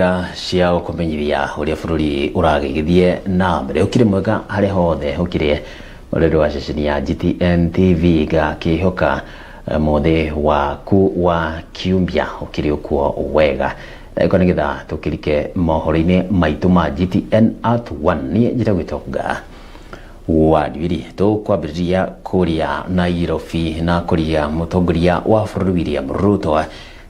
njega cia kumenyithia uria bururi uragigithie na mbere ukire mwega hari hothe ukire urero wa ceceni ya GTN TV ga kihoka eh, mothe waku wa kiumbia ukire ukuo wega iko eh, nä getha tå kä rike mohoro-inä maitå ma gtn at one niä njä gwä wanduiri tå kwambä rä ria kå rä nairobi na kå ria må tongoria wa bå rå ri william ruto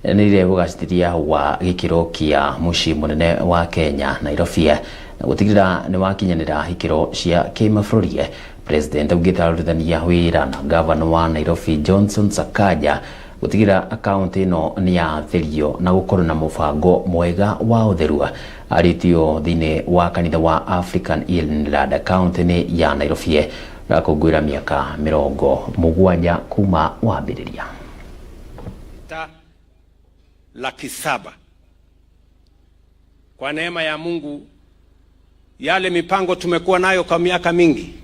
nä gugacitheria wa gikiro kia mucii munene wa Kenya Nairobi na gutigirira nä wakinyanira ikiro cia kimabũrũri president augite arutithania wira na gavana wa Nairobi Johnson Sakaja gutigirira akaunti ino ni ya therio na gukorwo na mubango mwega wa utherua aritio thiini wa kanitha wa African Inland kaunti ni ya Nairobi na rakungwira miaka mirongo mugwanja kuma wambiriria laki saba. Kwa neema ya Mungu, yale mipango tumekuwa nayo kwa miaka mingi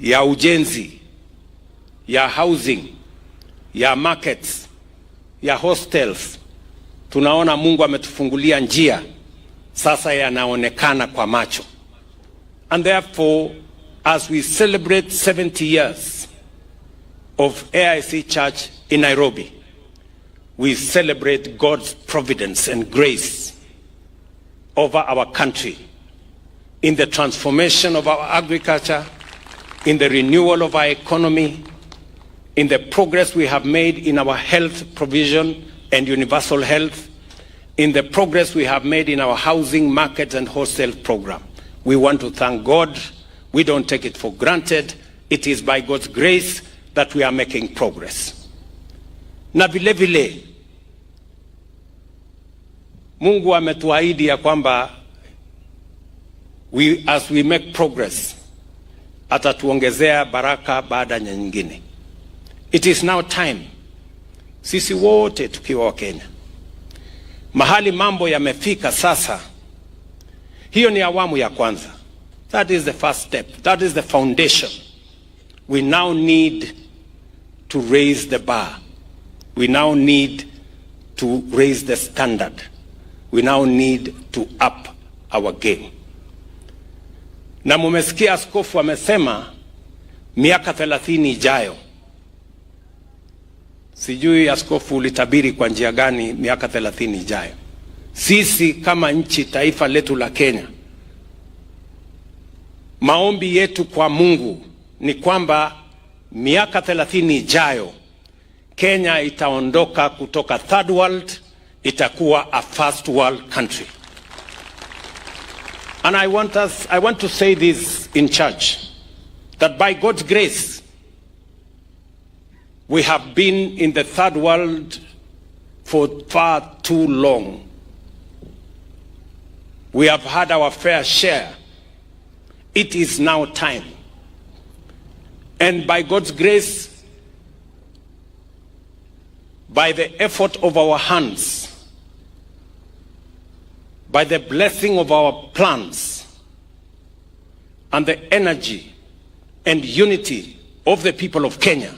ya ujenzi, ya housing, ya markets, ya hostels, tunaona Mungu ametufungulia njia sasa, yanaonekana kwa macho. And therefore as we celebrate 70 years of AIC Church in Nairobi we celebrate God's providence and grace over our country in the transformation of our agriculture, in the renewal of our economy, in the progress we have made in our health provision and universal health, in the progress we have made in our housing markets and wholesale program. We want to thank God. We don't take it for granted. It is by God's grace that we are making progress. na vile vile Mungu ametuahidi ya kwamba we, as we make progress atatuongezea baraka baada ya nyingine. It is now time sisi wote tukiwa wa kenya mahali mambo yamefika sasa, hiyo ni awamu ya kwanza. That is the first step. That is the foundation. We now need to raise the bar we now need to raise the standard. We now need to up our game. Na mumesikia askofu amesema miaka thelathini ijayo. Sijui askofu ulitabiri kwa njia gani miaka thelathini ijayo. Sisi kama nchi, taifa letu la Kenya, maombi yetu kwa Mungu ni kwamba miaka thelathini ijayo Kenya itaondoka kutoka third world, itakuwa a first world country. And I want us, I want to say this in church that by God's grace we have been in the third world for far too long. We have had our fair share. It is now time. And by God's grace by the effort of our hands, by the blessing of our plans, and the energy and unity of the people of Kenya,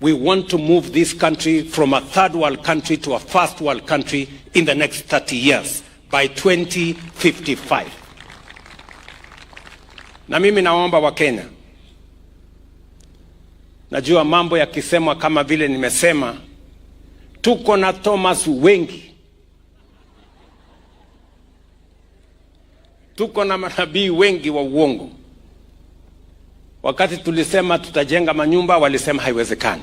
we want to move this country from a third world country to a first world country in the next 30 years by 2055. Na mimi naomba Kenya, najua mambo yakisemwa kama vile nimesema tuko na Thomas wengi, tuko na manabii wengi wa uongo. Wakati tulisema tutajenga manyumba, walisema haiwezekani.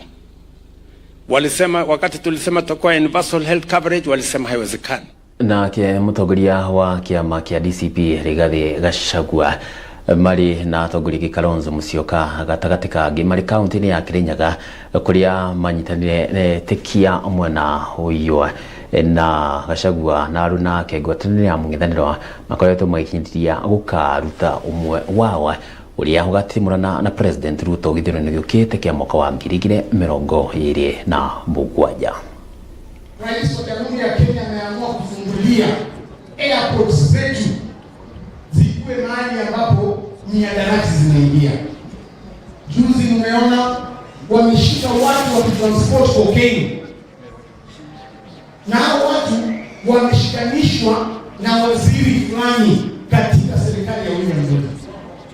Walisema wakati tulisema tutakuwa universal health coverage, walisema haiwezekani. Nake mũtongoria wa kĩama kĩa DCP Rigathi Gachagua mari na atongoria gikalonzo musioka gatagati kangi mari kaunti-ini ya kirinyaga kuria manyitanire tekia mwena uyu na gacagua na aruna kengo atanire ya mung'ethaniro makoretwo magikinyitithia gukaruta umwe wao uria ugatimurana na president ruto githurano giukite kia mwaka wa ngiri igiri mirongo iri na mugwanja rais wa jamhuri ya kenya ameamua kufungulia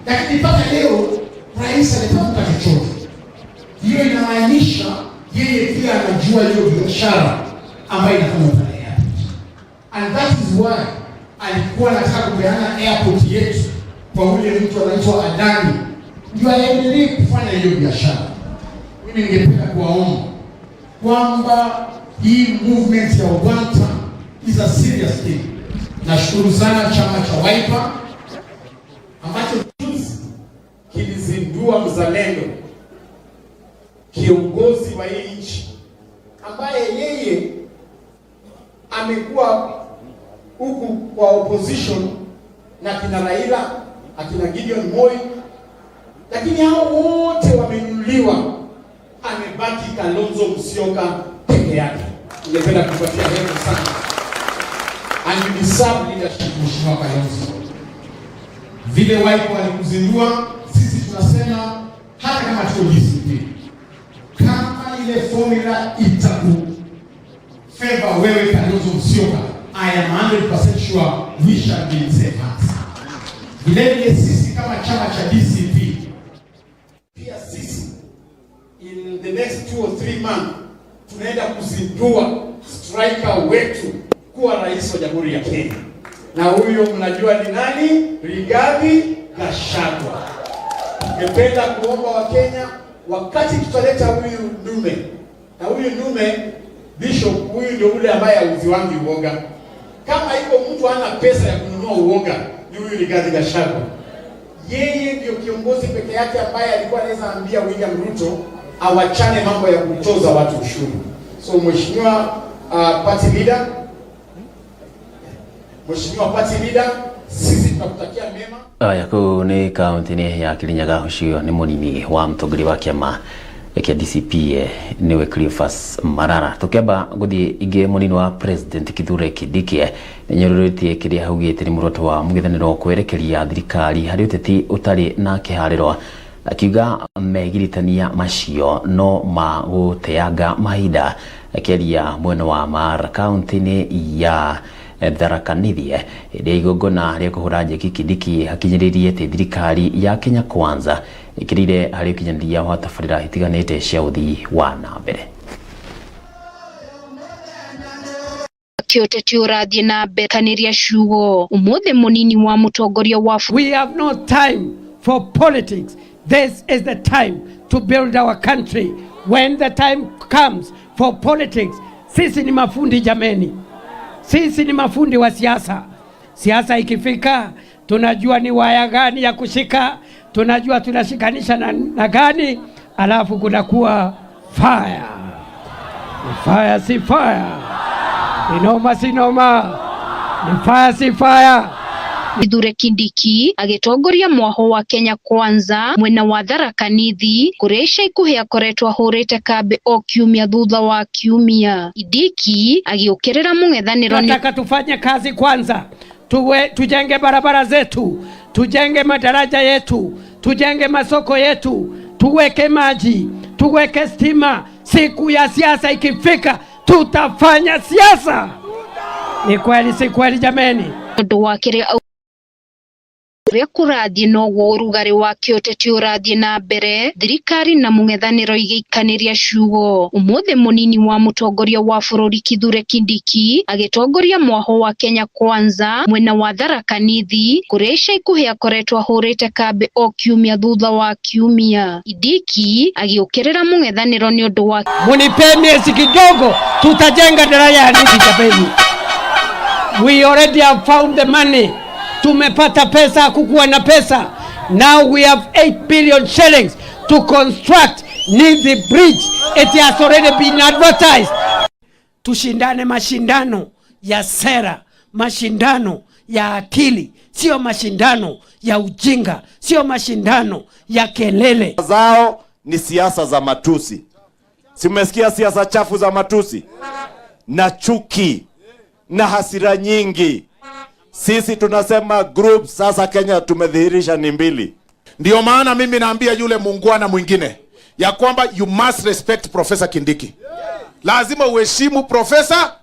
lakini mpaka leo rais ametafuta chochote. Hiyo inamaanisha yeye pia anajua hiyo biashara ambayo inafanya pale airport, and that is why alikuwa anataka kupeana airport yetu kwa ule mtu anaitwa Adani, ndio aendelee kufanya hiyo biashara. Mimi ningependa kuwaomba kwamba hii movement ya One is a serious thing. Nashukuru sana chama cha Wiper mzalendo, kiongozi wa hii nchi ambaye yeye amekuwa huku kwa opposition na kina Raila akina Gideon Moi, lakini hao wote wamenuliwa, amebaki Kalonzo Musyoka peke yake. Ningependa kupatia heri sana, and you deserve leadership, Mheshimiwa Kalonzo, vile waiko walikuzindua, sisi tunasema hata kama tujisikii kama ile formula itaku favor wewe Kalonzo Musyoka, I am 100% sure we shall be in safe hands. Vile vile sisi kama chama cha DCP pia sisi in the next two or three months tunaenda kuzindua striker wetu kuwa rais wa Jamhuri ya Kenya, na huyo mnajua ni nani? Rigathi Gachagua. Ningependa kuomba Wakenya, wakati tutaleta huyu ndume na huyu ndume bishop, huyu ndio ule ambaye auziwangi uoga. Kama iko mtu ana pesa ya kununua uoga, ni huyu Rigathi Gachagua. Yeye ndio kiongozi peke yake ambaye alikuwa anaweza ambia William Ruto awachane mambo ya kutoza watu ushuru. So mheshimiwa uh, party leader, mheshimiwa party leader aya kå nä kaunti nä ya kä rinyaga ni munini wa må wa kĩama kĩa dcp eh, nĩwe clifas marara tũkĩamba gũthiĩ ingĩ munini wa president kithure kĩndike eh, nĩnyũrũrĩtie kĩrĩa augĩte ni muroto wa mũng'ethanĩro kwerekeria thirikari hari uteti ũtarĩ na kĩharĩro akiuga megiritania macio no magũteanga mahinda akĩaria mwena wa mar kaunti-inĩ ya Tharaka-Nithi rĩa igongona rĩa kũhũra njeki Kindiki hakinyĩrĩirie atĩ thirikari ya Kenya Kwanza ikirire harĩ ũkinyanĩria wa tabarĩra itiganĩte cia ũthii wa na mbere uteti ũrathiĩ na mbere kanĩria ciugo ũmũthĩ mũnini wa mũtongoria wa we have no time for politics this is the time to build our country when the time comes for politics sisi ni mafundi jameni sisi ni mafundi wa siasa. Siasa ikifika tunajua ni waya gani ya kushika, tunajua tunashikanisha na, na gani, alafu kunakuwa fire fire, si fire, inoma si noma, ni fire si fire Kithure Kindiki agĩtongoria mwaho wa Kenya Kwanza mwena wa Tharaka Nithi kũrĩa ica ikuhĩ akoretwo ahũrĩte kambi o kiumia thutha wa kiumia. Kindiki agĩũkĩrĩra mũng'ethanĩro ni... Nataka tufanye kazi kwanza, tuwe, tujenge barabara zetu, tujenge madaraja yetu, tujenge masoko yetu, tuweke maji, tuweke stima. Siku ya siasa ikifika, tutafanya siasa. Ni kweli, si kweli jameni? uria kurathiĩ noguo ũrugarĩ wa kĩũteti ũrathiĩ na mbere thirikari na mũng'ethanĩro igĩikanĩria ciugo ũmũthĩ mũnini wa mũtongoria wa bũrũri Kithure Kindiki agĩtongoria mwaho wa Kenya Kwanza mwena wa Tharaka Nithi kũrĩa ica ikuhĩ akoretwo ahũrĩte kambĩ o kiumia thutha wa kiumia. indiki agĩũkĩrĩra mũng'ethanĩro nĩ ũndũ wa munipe miezi kidogo tutajenga daraya ya Nithi. We already have found the money tumepata pesa, hakukuwa na pesa. Now we have 8 billion shillings to construct the bridge. It has already been advertised. Tushindane mashindano ya sera, mashindano ya akili, sio mashindano ya ujinga, sio mashindano ya kelele. Zao ni siasa za matusi. Si umesikia siasa chafu za matusi na chuki na hasira nyingi. Sisi tunasema group sasa Kenya tumedhihirisha ni mbili. Ndio maana mimi naambia yule mungwana mwingine ya kwamba you must respect Professor Kindiki. Lazima uheshimu profesa,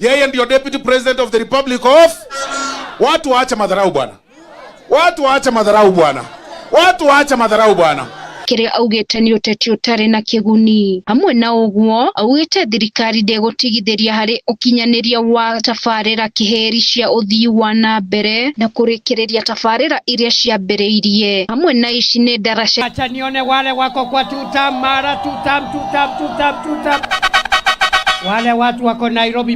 yeye ndio deputy president of the republic of. Watu waache madharau bwana, watu waache madharau bwana, watu waache madharau bwana kiria augite ni uteti utari na kiguni hamwe na uguo augite thirikari ndigutigithiria hari ukinyaniria wa tabarira kiheri cia uthii wa na mbere na kurikiriria tabarira iria irie hamwe na ici ni ndaraca acha nione wale wako kwa tuta mara tutam tutam tutam tutam wale watu wako Nairobi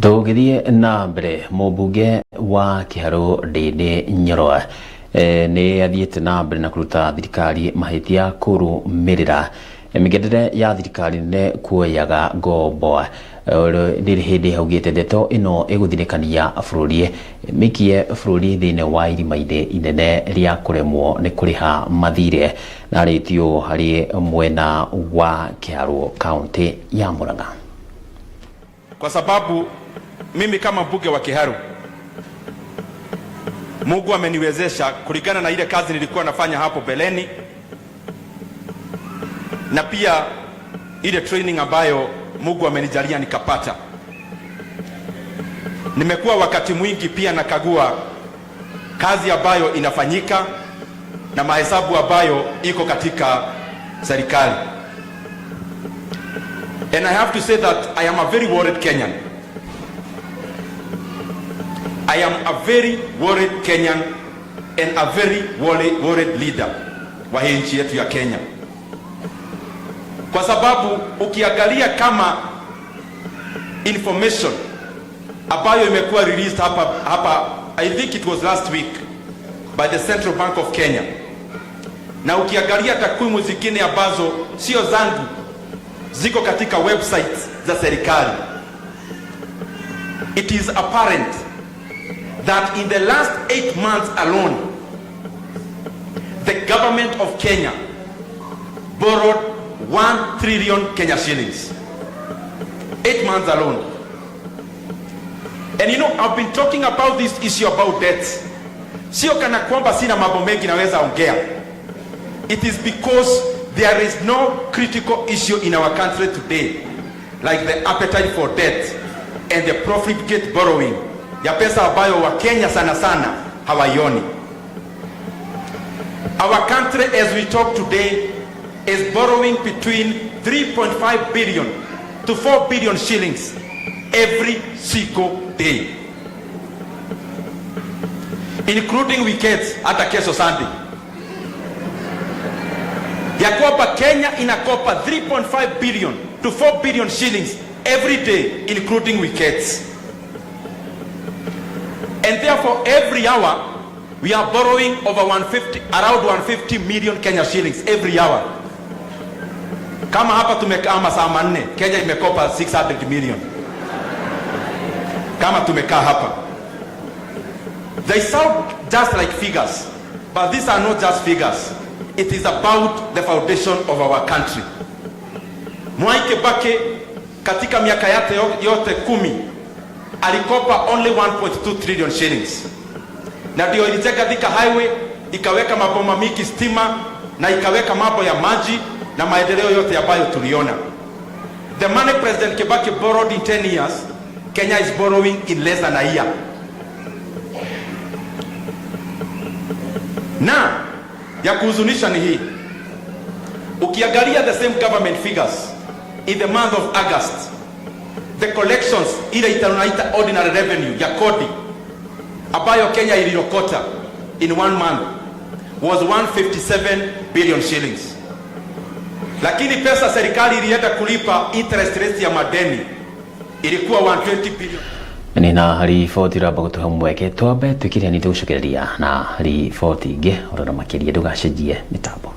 tugirie na mbere mubunge wa kiharu ndindi nyorwa e, ni athiite na mbere na kuruta thirikari mahitia kurumirira e, migendere ya thirikari nene kuoyaga ngombo e, riri hindi haugite ndeto ino iguthirikania bururi e, mikie bururi thiini wa irima-ini inene ria kuremwo ni kuriha mathire na ritio hari mwena wa kiharu kaunti ya Murang'a kwa sababu mimi kama mbunge wa Kiharu, Mungu ameniwezesha kulingana na ile kazi nilikuwa nafanya hapo beleni, na pia ile training ambayo Mungu amenijalia nikapata. Nimekuwa wakati mwingi pia nakagua kazi ambayo inafanyika na mahesabu ambayo iko katika serikali. And I have to say that I am a very worried Kenyan. I am a very worried Kenyan and a very worried, worried leader wa hii nchi yetu ya Kenya, kwa sababu ukiangalia kama information ambayo imekuwa released hapa hapa, I think it was last week by the Central Bank of Kenya, na ukiangalia takwimu zingine ambazo sio zangu ziko katika website za serikali, it is apparent that in the last eight months alone, the government of Kenya borrowed one trillion Kenya shillings. Eight months alone. And you know, I've been talking about this issue about debt. Sio kana kwamba sina mambo mengi naweza ongea. It is because there is no critical issue in our country today like the appetite for debt and the profligate borrowing ya pesa ambayo Wakenya sana sana hawaioni. Our country as we talk today is borrowing between 3.5 billion to 4 billion shillings every single day including weekends, hata kesho sandi ya kwamba Kenya inakopa 3.5 billion to 4 billion shillings every day including weekends. And therefore, every hour we are borrowing over 150, around 150 million Kenya shillings every hour. Kama hapa tumekaa masaa manne, Kenya imekopa 600 million. Kama tumekaa hapa. They sound just like figures, but these are not just figures. It is about the foundation of our country. Mwai Kibaki katika miaka yake yote kumi alikopa only 1.2 trillion shillings, na ndio iliteka Thika highway ikaweka maboma miki stima na ikaweka mambo ya maji na maendeleo yote ambayo tuliona. The money President Kibaki borrowed in 10 years, Kenya is borrowing in less than a year. Na ya kuhuzunisha ni hii, ukiangalia the same government figures in the month of August the collections ile itanaita ordinary revenue ya kodi ambayo Kenya ililokota in one month was 157 billion shillings, lakini pesa serikali ilienda kulipa interest rate ya madeni ilikuwa 120 billion nina riboti ramba gutuhe mweke twambe twikirania gå tugucokereria na riboti ria ndå gacenjie mä tambo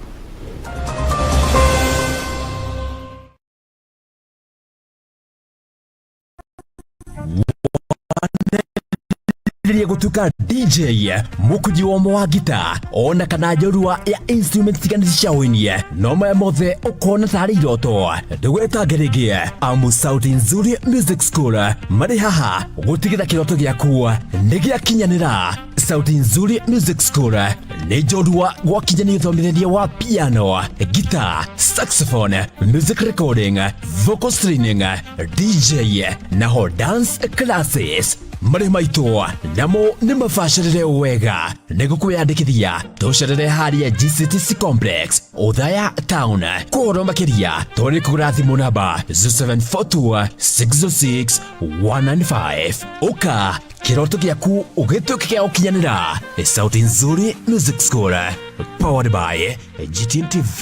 makiriria gutuika DJ mukuji wa wa gita ona kana njorua ya instrument tigani cia wini no maya mothe ukona tari iroto ndugwetangeregie amu Sauti Nzuri Music School mari haha gutigitha kiroto giaku ni giakinyanira Sauti Nzuri Music School ni njorua gwakinyania uthomithiria wa piano gita saxophone music recording vocal training DJ naho dance classes marä maitwo namo nä mabacärire wega nä gå kwĩyandĩkithia tũcerere haria GCTC complex Othaya town kũhoro makĩria tũrĩ kũgũra thimũ namba 0742 606 195 ũka kĩroto gĩaku ũgĩtuĩke gĩa gũkinyanĩra Sauti Nzuri Music School powered by gtntv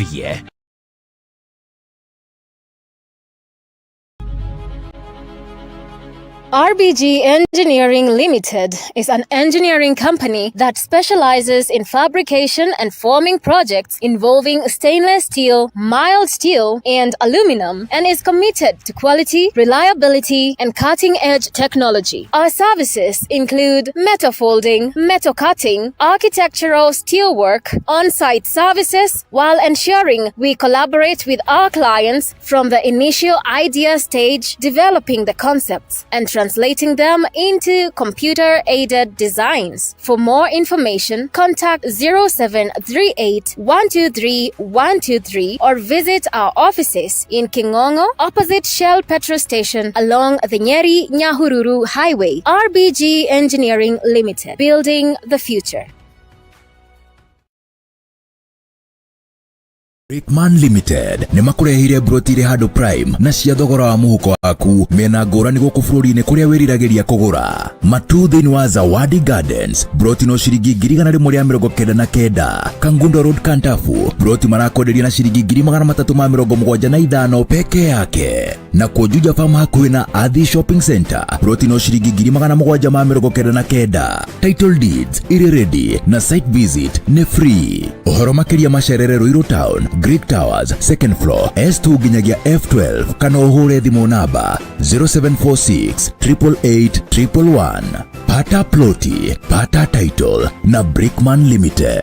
RBG Engineering Limited is an engineering company that specializes in fabrication and forming projects involving stainless steel, mild steel, and aluminum, and is committed to quality, reliability, and cutting edge technology. Our services include metal folding, metal cutting, architectural steelwork, on site services, while ensuring we collaborate with our clients from the initial idea stage, developing the concepts and translating them into computer aided designs. For more information, contact 0738 123 123 or visit our offices in Kingongo, opposite Shell Petrol Station along the Nyeri Nyahururu Highway. RBG Engineering Limited, building the future. Rickman Limited nä makũrehire mburoti irĩ handũ prime na cia thogora wa mũhuko waku mĩena ngũrani gũkũ bũrũri-inĩ kũrĩa wĩriragĩria kũgũra matu thĩinĩ wa Zawadi Gardens broti no ciringi ngiri igana rĩmwe rĩa mĩrongo kenda na kenda Kangundo Road Kantafu mburoti marakwenderia na ciringi ngiri magana matatu ma mĩrongo mũgwanja na ithano peke yake na juja fam hakuhĩ na Athi Shopping Center broti no ciringi ngiri magana mũgwanja ma mĩrongo kenda na kenda Title deeds irĩ ready na site visit nĩ free ũhoro makĩria macerere Ruiru Town Greek Towers second floor S2 ginyagia F12 kana uhure thimu 0746 888 111 pata ploti pata title na Brickman Limited.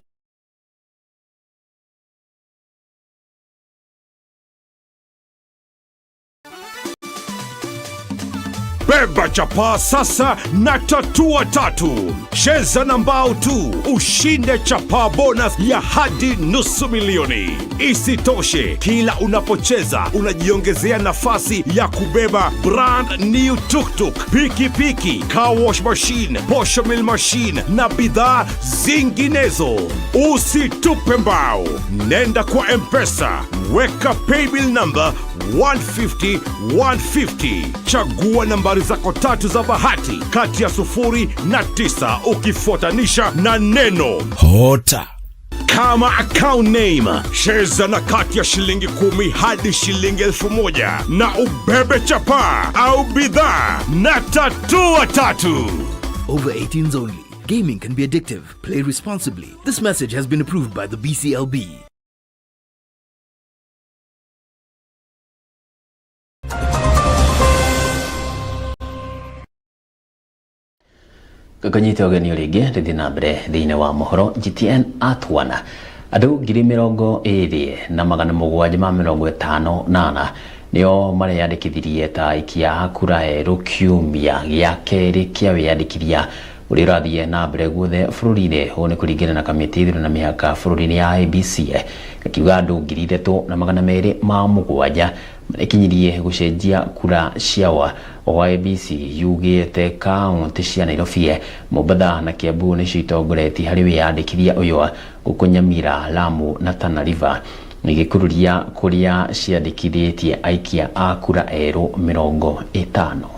Beba chapaa sasa na tatua tatu. Cheza na mbao tu ushinde chapa bonus ya hadi nusu milioni. Isitoshe, kila unapocheza unajiongezea nafasi ya kubeba brand new tuktuk, pikipiki, car wash machine, posho mill machine na bidhaa zinginezo. Usitupe mbao, nenda kwa Mpesa, weka paybill number 150 150, chagua nambari nambari zako tatu za bahati kati ya sufuri na tisa ukifuatanisha na neno hota kama account name. Cheza na kati ya shilingi kumi hadi shilingi elfu moja na ubebe chapaa au bidhaa na tatua tatu. Over 18 only. Gaming can be addictive. Play responsibly. This message has been approved by the BCLB. kanyite ũgenio rĩngĩ rĩthiĩ na mbere thĩinĩ wa mohoro GTN atwana one andũ ngiri mĩrongo ĩrĩ na magana mũgwanja ma mĩrongo ĩtano na ana nĩo mareyandĩkithirie ta ikia a kura erũ kiumia rikia kerĩ kĩa uria urathie na mbere guothe bururi-ini uu ni kuringana na kamiti ithiro na mihaka bururi-ini ya ABC gakiuga andu ngiri ithatå na magana merĩ ma mũgwanja marekinyirie gucenjia kura ciao oho ABC yugĩte kaunti cia Nairobi Mombatha na Kiambu nĩcio itongoretie hari wĩyandĩkithia ũyũ gũkũ Nyamira Lamu na Tana River igĩkururia kuria ciandĩkithĩtie aikia a kura erũ mĩrongo ĩtano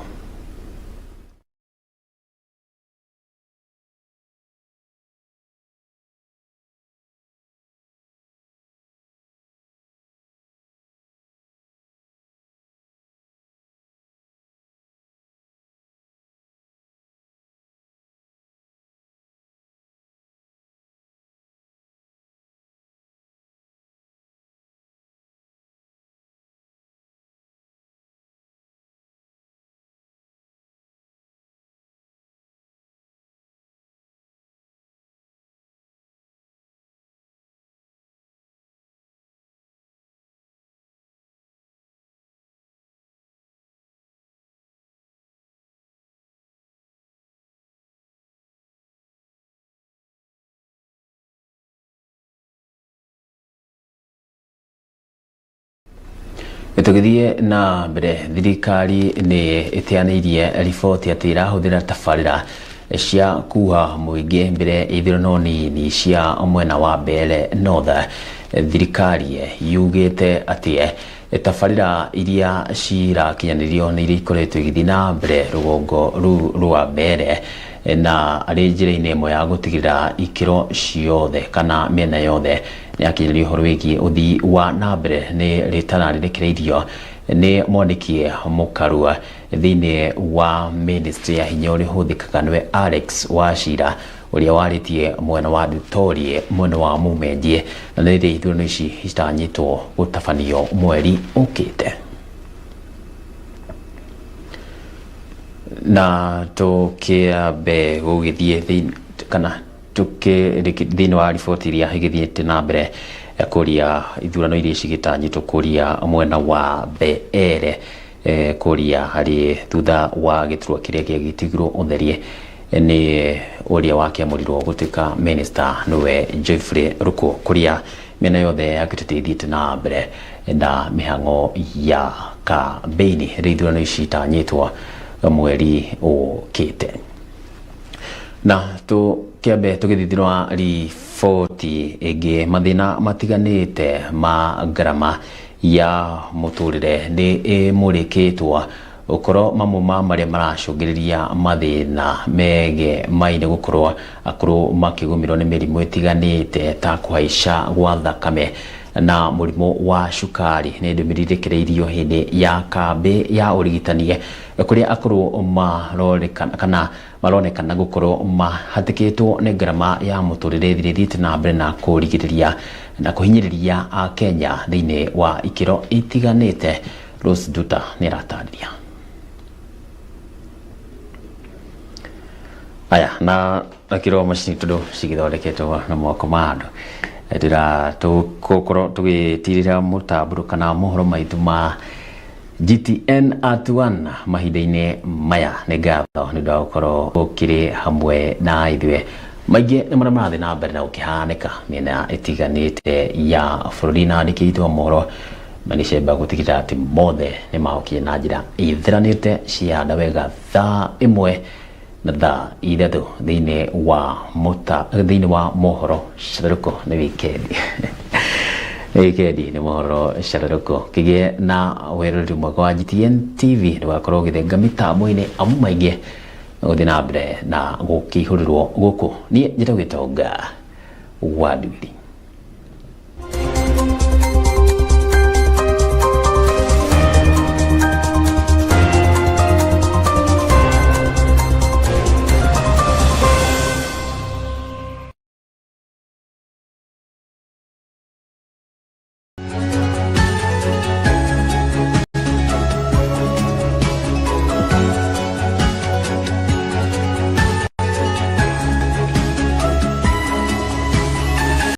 tugithie na mbere thirikari ni itianirie riboti ati irahuthira tabarira cia kuha muingi mbere no nini cia mwena wa mbere North thirikari yugite ati tabarira iria cirakinyanirio nä iria ikoretwo igithii na mbere rũgongo ru rwa mbere na arĩ njĩra-inĩ ĩmwe ya gũtigĩrĩra ikiro ciothe kana mĩena yothe wä giä å thii wa na mbere nĩ rĩtana rĩrekereirio nĩ mwandĩki mũkarua thĩinĩ wa ministry ya hinya ũrĩa ũhũthĩkaga nĩwe Alex a warä tie mwena wa Ndutorie mwena wa Mumenji na rä a ithurano ici gå tabanio mweri te na gä gũgĩthiĩ kana thä wa riboti iria igithiete na mbere eh, kuria ithurano iria cigitanyitwo kuria mwena wa beere e, eh, kuria hari thutha wa giturwa kiria giagitigirwo utherie eh, nä å rä a wakäamå gå tuä ka minista nĩwe Geoffrey Ruku kuria mĩena yothe yakä na mbere na mihango ya kambeini rä ithurano ici itanyĩtwo mweri å kä te na tu kiambe tugithithirwa riboti ingi mathina matiganite ma ngarama ya muturire ni imurikitwo ukorwo mamwe ma maria maracungiriria mathina mege maine gukorwo akuru makigomirwo ni mirimu itiganite ta kuhaica gwa thakame na murimo wa cukari ni ndumirire kireirio hindi ya kambi ya urigitani kuria akuru marorikana kana maronekana gukorwo mahatikitwo ni ngarama ya muturire thirithiite na mbere na kurigiriria na kuhinyiriria kenya thiini wa ikiro itiganite Rose Duta ni ratariria aya na akirwo macini tondu cigithondeketwo na moko ma andu ndira ra tugitirira mutamburu kana mohoro maitu ma GTN at 1 mahinda-inĩ maya nĩ ngatho nĩ ũndũ wa gũkorwo ũkĩrĩ hamwe na ithuĩ maingĩ nĩ marĩa marathiĩ na mbere na gũkĩhanĩka mĩena te ya ri na andĩkĩitwo mohoro manĩcemba gũtigĩrĩra atä mothe nĩ maokire na ranä te cianda wega thaa ĩmwe na thaa ithatå thä wa muta thä wa mohoro cararå nä wikendi nä wikendi nä mohoro cararå kä gä na weroreri mwega wa gtn tv ndå gakorwo å gä thenga mä inä amu maingä gå thiä na mbere na gå kä ihå rä rwo gå kå niä njäta gå gä tonga wa nduiri